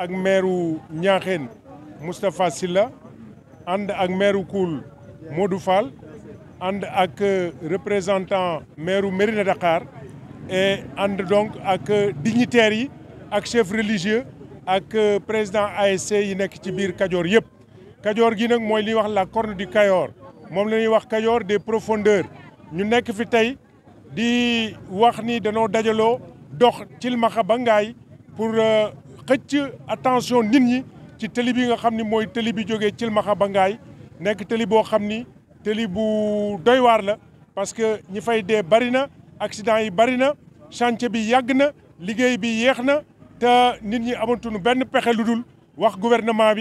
ak maire Ñaaxeen Moustapha Silla and ak meeru Koul Modou Fall and ak euh, représentant meeru Mérina Dakar et and donc ak euh, dignitaires yi ak chef religieux ak euh, président ASC yi nek ci bir Kadior yëpp Kadior gi nak moy li wax la corne du Kayor, mom la wax Kajoor des profondeurs ñu nek fi tay di wax ni danoo dajaloo dox til makha pour attention nit ñi ci bi nga xam ni mooy bi jógee ba nekk la parce que ñi fay des bari accident yi bari chantier bi yàgg na liggéey bi yéex na te ñi amatuñu benn gouvernement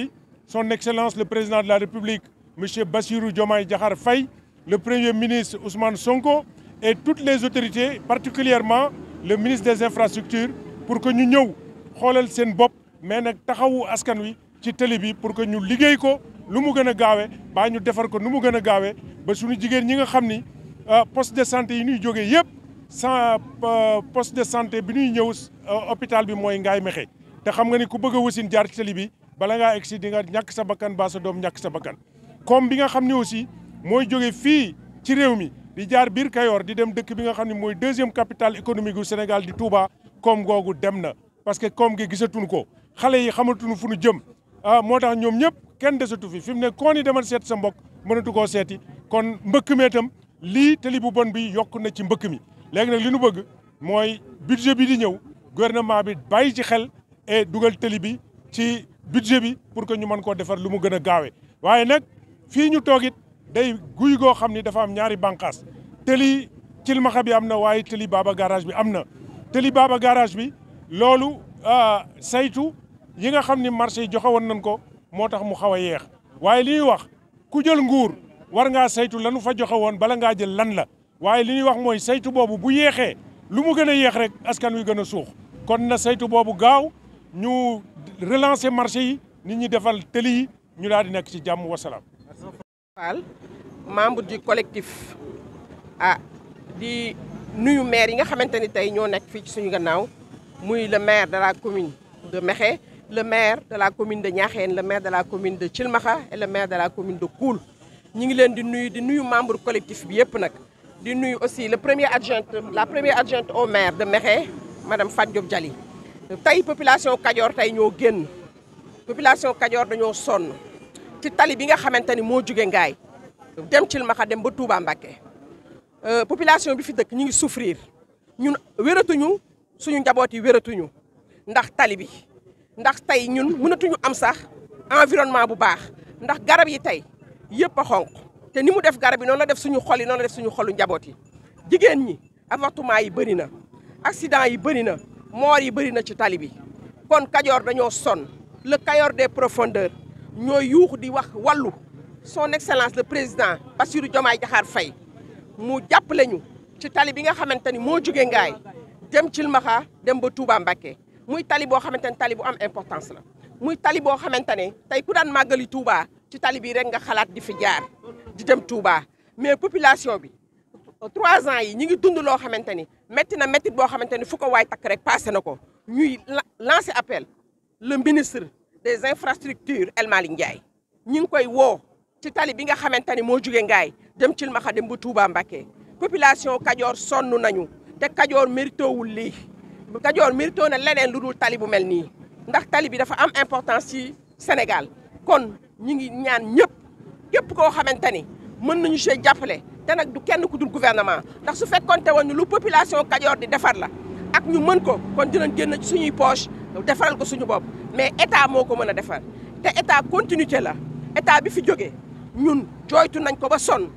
son excellence le président de la république monsieur Bassirou Diomaye Diakhar Faye le premier ministre Ousmane Sonko et toutes les autorités particulièrement le ministre des infrastructures pour que ñu xooleel seen bopp mais nag taxawu askan wi ci télé bi pour que ñu liggéey ko lu mu gën a gaawee baa ñu defar ko nu mu gën a gaawee ba suñu jigéen ñi nga xam ni euh, poste de santé yi ñuy jógee yëpp sans euh, poste de santé bi ñuy ñëw euh, hôpital bi mooy Ngaye Mékhé te xam nga ni ku bëgg a wasin jaar ci télé bi bala ngaa egg si di nga ñàkk sa bakkan baa sa doom ñàkk sa bakkan comme bi nga xam ne aussi mooy jóge fii ci réew mi di jaar biir Kayoor di dem dëkk bi nga xam ne mooy deuxième capitale économique gu Sénégal di Touba comme googu dem na parce que koom gi gisatuñu ko xale yi xamatuñu fu ñu jëm ah moo tax ñoom ñëpp kenn desatu fi fi mu ne koo ni demal seet sa mbokk mënatu koo seeti kon mbëkk mi itam lii tali bu bon bi yokk na ci mbëkk mi léegi nag li nu bëgg mooy budget bi di ñëw gouvernement bi bàyyi ci xel et dugal tali bi ci budget bi pour que ñu mën koo defar lu mu gën a gaawee waaye nag fii ñu toog it day guy goo xam ni dafa am ñaari bànqaas tëli cilmaxa bi am na waaye tëli baaba garage bi am na tëli garage bi loolu euh, saytu yi nga xam ni marché yi joxe woon nañ ko moo tax mu xaw a yeex waaye li wax ku jël nguur war ngaa saytu lanu fa joxe woon bala ngaa jël lan la waaye li ñuy wax mooy saytu boobu bu yeexee lu mu gën a yeex rek askan wi gën a suux kon na saytu boobu gaaw ñu relancer marché yi ni ñi defal tëli yi ñu daal di nekk ci jàmm wasalaam. Fall membre du collectif ah di nuyu maire yi nga xamante ni tey ñoo nekk fii ci suñu gannaaw. muy le maire de la commune de Mekhe, le maire de la commune de Niakhène, le maire de la commune de Thilmakha et le maire de la commune de Koul. Nous sommes les membres collectifs. Nous sommes aussi le premier adjoint, la première adjointe au maire de Mekhe, Mme diop Djali. la population Kadior est ñoo La population Kadior dañoo sonn ci tali bi nga xamante ni moo ngaay dem Thilmakha dem ba Touba La euh, population bi fi dëkk ñu ngi souffrir ñun suñu njaboot yi wératuñu ndax tali bi ndax tey ñun mënatuñu am sax environnement bu baax ndax garab yi tey yëpp a xonq te ni mu def garab yi noonu la def suñu xol yi noonu la def suñu xolu njaboot yi jigéen ñi avortement yi bëri na accident yi bëri na moor yi bëri na ci tali bi kon Kajoor dañoo sonn le Kajoor des profondeurs ñoo yuuxu di wax wàllu son excellence le président Bassirou Diomaye Diakhar Faye mu jàpp ñu ci tali bi nga xamante ni moo jóge ngaay dem Thilmakha dem ba Touba Mbacké muy tali boo xamante ne tali bu am importance la muy tali boo xamante ne tey ku daan màggali Touba ci tali bi rek nga xalaat di fi jaar di dem Touba mais population bi trois ans yi ñi ngi dund loo xamante ni métti na métti boo xamante ni fu ko waay takk rek passé na ko ñuy lancer appel le ministre des infrastructures El Malick Ndiaye ñi ngi koy woo ci tali bi nga xamante ni moo jóge Ngaay dem Thilmakha dem ba Touba Mbacké population Kajoor sonn nañu te kajoor méritoowul li kadior méritoo na leneen luddul dul tali bu mel nii ndax tali bi dafa am importance ci Sénégal kon ñi ngi ñaan ñëpp képp koo xamante ni mën nañu see jàppale te nag du kenn ku dul gouvernement ndax su fekkoon te woon ñu lu population kadior di defar la ak ñu mën ko kon dinañ génn ci suñuy poche defaral ko suñu bopp mais état moo ko mën a defar te état continuité la état bi fi jógee ñun jooytu nañ ko ba son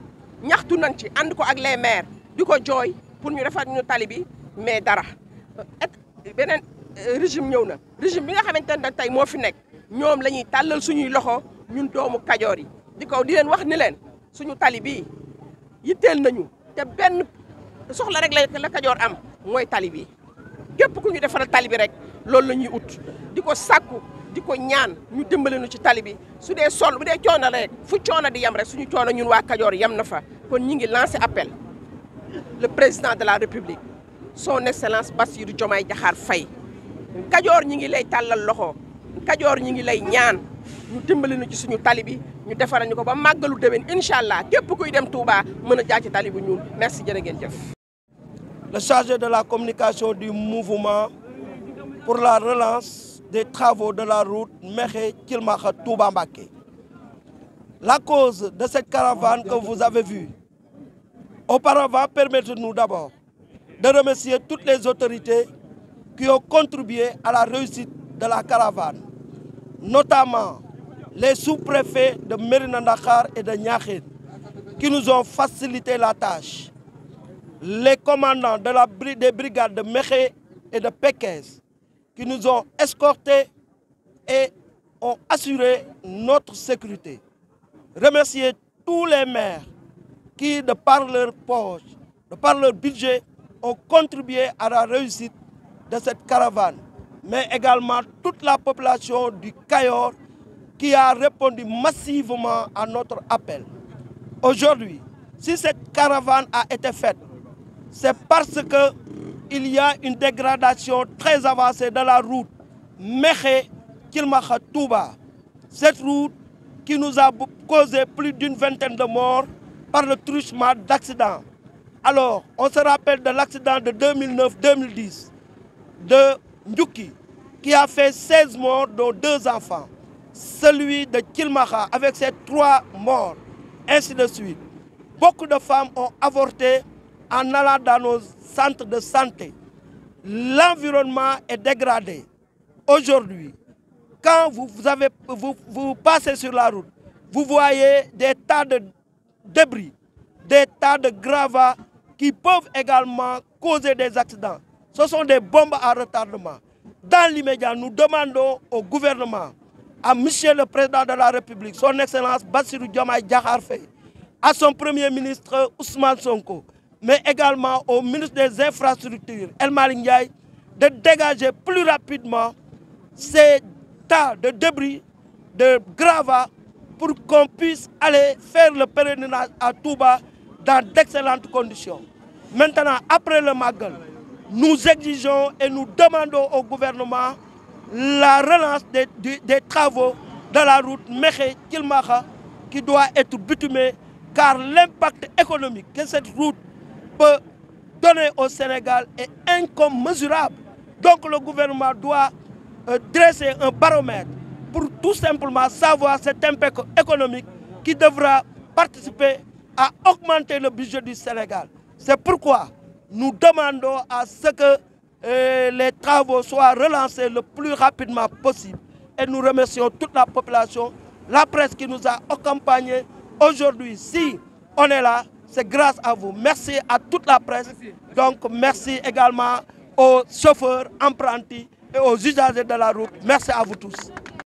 ñaxtu nañ ci ànd ko ak les maires di ko jooy pour ñu defar ñu tali bi mais dara et beneen euh, régime ñëw na régime bi nga xamante ne tey moo fi nekk ñoom la ñuy tàllal suñuy loxo ñun doomu kajoor yi di ko di leen wax ni leen suñu tali bii yitteel nañu te benn soxla rek la la kajoor am mooy tali bi képp ku ñu defaral tali bi rek loolu la ñuy ut di ko sàkku di ko ñaan ñu dimbale nu ci tali bi su dee sol bu dee coono rek fu coono di yem rek suñu coono ñun waa kajoor yam na fa kon ñi ngi lancé appel le président de la république son excellence Bassir Diomaye Diakhar Faye Kadior ñi ngi lay talal loxo kadior ñi ngi lay ñaan ñu dimbali ñu ci suñu talibi, ñu defaral ñu ko ba magalu déwén le képp kuy dem Touba vous a talibu ñun. merci jërëgen jëf. le chargé de la communication du mouvement pour la relance des travaux de la route Mekhe Thilmakha Touba La cause de cette caravane que vous avez vue Auparavant, permettez-nous d'abord de remercier toutes les autorités qui ont contribué à la réussite de la caravane, notamment les sous-préfets de Merinandakar et de Nyachin, qui nous ont facilité la tâche, les commandants des brigades de Meché et de Pékès qui nous ont escortés et ont assuré notre sécurité. Remercier tous les maires qui, de par leur poche, de par leur budget, ont contribué à la réussite de cette caravane, mais également toute la population du Cayor qui a répondu massivement à notre appel. Aujourd'hui, si cette caravane a été faite, c'est parce qu'il y a une dégradation très avancée de la route mekhe kilmacha Cette route qui nous a causé plus d'une vingtaine de morts par le truchement d'accident. Alors, on se rappelle de l'accident de 2009-2010 de Ndouki, qui a fait 16 morts, dont deux enfants. Celui de Kilmaha, avec ses trois morts, ainsi de suite. Beaucoup de femmes ont avorté en allant dans nos centres de santé. L'environnement est dégradé. Aujourd'hui, quand vous, avez, vous passez sur la route, vous voyez des tas de débris, des tas de gravats qui peuvent également causer des accidents. Ce sont des bombes à retardement. Dans l'immédiat, nous demandons au gouvernement, à Monsieur le Président de la République, son Excellence Bassirou Diomaye à son Premier ministre Ousmane Sonko, mais également au ministre des Infrastructures, El Ndiaye, de dégager plus rapidement ces tas de débris, de gravats pour qu'on puisse aller faire le pèlerinage à Touba dans d'excellentes conditions. Maintenant, après le Magal, nous exigeons et nous demandons au gouvernement la relance des, travaux dans la route Meche-Kilmaha qui doit être bitumée car l'impact économique que cette route peut donner au Sénégal est incommesurable. Donc le gouvernement doit euh, dresser un baromètre pour tout simplement savoir cet impact économique qui devra participer à augmenter le budget du Sénégal. C'est pourquoi nous demandons à ce que euh, les travaux soient relancés le plus rapidement possible. Et nous remercions toute la population, la presse qui nous a accompagnés aujourd'hui. Si on est là, c'est grâce à vous. Merci à toute la presse. Donc merci également aux chauffeurs, empruntés et aux usagers de la route. Merci à vous tous.